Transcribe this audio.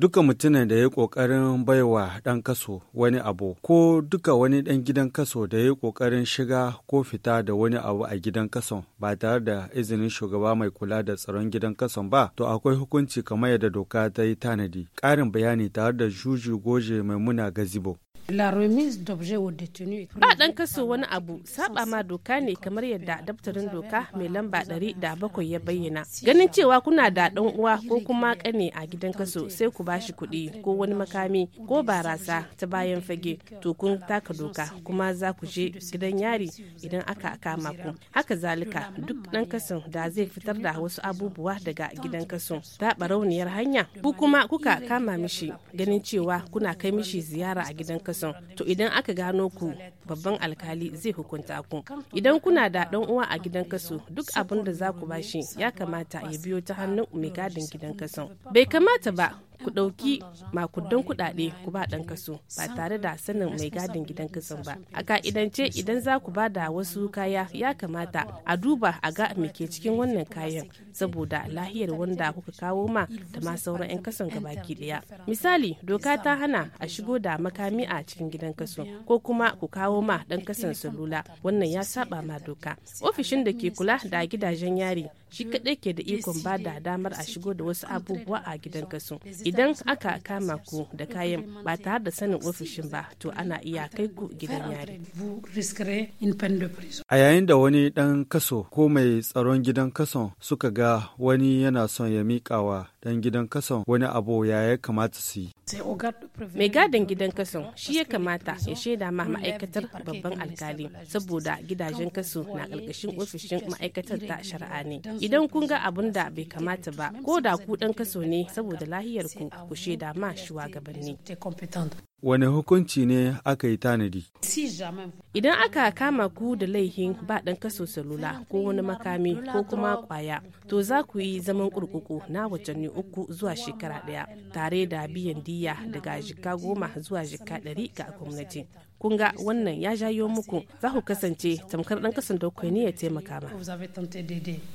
Duka mutumin da ya yi ƙoƙarin baiwa ɗan kaso wani abu ko duka wani ɗan gidan kaso da ya yi ƙoƙarin shiga ko fita da wani abu a gidan kason ba tare da izinin shugaba mai kula da tsaron gidan kason ba to akwai hukunci kamar yadda doka ta yi tanadi. Ƙarin bayani tare da Juju Goje Maimuna Gazibo. La remise d'objets aux détenus. Ba dan kaso wani abu saba ma doka ne kamar yadda daftarin doka mai lamba 107 ya bayyana. Ganin cewa kuna da dan uwa ko kuma kane a gidan kaso sai ku bashi kuɗi ko wani makami ko barasa ta bayan fage to kun taka doka kuma za ku je gidan yari idan aka kama ku. Haka zalika duk dan kason da zai fitar da wasu abubuwa daga gidan kaso ta barauniyar hanya ku kuma kuka kama mishi ganin cewa kuna kai mishi ziyara a gidan kaso Johnson to idan aka gano ku babban alkali zai hukunta ku idan kuna da dan uwa a gidan kaso duk abin da za ku bashi ya kamata ya biyo ta hannun mai gadin gidan kaso bai kamata ba ku ɗauki makudan kuɗaɗe ku ba ɗan kaso ba tare da sanin mai gadin gidan kasan ba a ka'idance idan za ku ba da wasu kaya ya kamata a duba a ga me ke cikin wannan kayan saboda lahiyar wanda kuka kawo ma da ma sauran 'yan gaba ke ɗaya misali doka ta hana a shigo da makami a cikin gidan kaso ko kuma ku kawo ma ɗan kasan salula wannan ya saba ma doka ofishin da ke kula da gidajen yari shi kaɗai ke da ikon ba da damar a shigo da wasu abubuwa a gidan kaso idan aka kama ku da kayan ba tare da sanin ofishin ba to ana iya kai ku gidan yari a yayin da wani dan kaso ko mai tsaron gidan kason suka ga wani yana son ya miƙawa dan gidan kason wani abu ya ya kamata su yi mai gadin gidan kason shi ya kamata ya shaida ma ma'aikatar babban alkali saboda gidajen kaso na ƙarƙashin ofishin ma'aikatar ta shari'a ne idan kun ga abun da bai kamata ba ko da ku dan kaso ne saboda lahiyar ku kushe shaida ma shugabanni. Wane hukunci ne aka yi tanadi? Idan aka kama ku da laihin ba ɗan kaso salula ko wani makami ko kuma kwaya, to za ku yi zaman kurkuku na watanni uku zuwa shekara ɗaya tare da biyan diya daga jika goma zuwa jika ɗari ga gwamnati. Kun ga wannan ya jayo muku za ku kasance tamkar ɗan kasan da ne ya taimaka ma.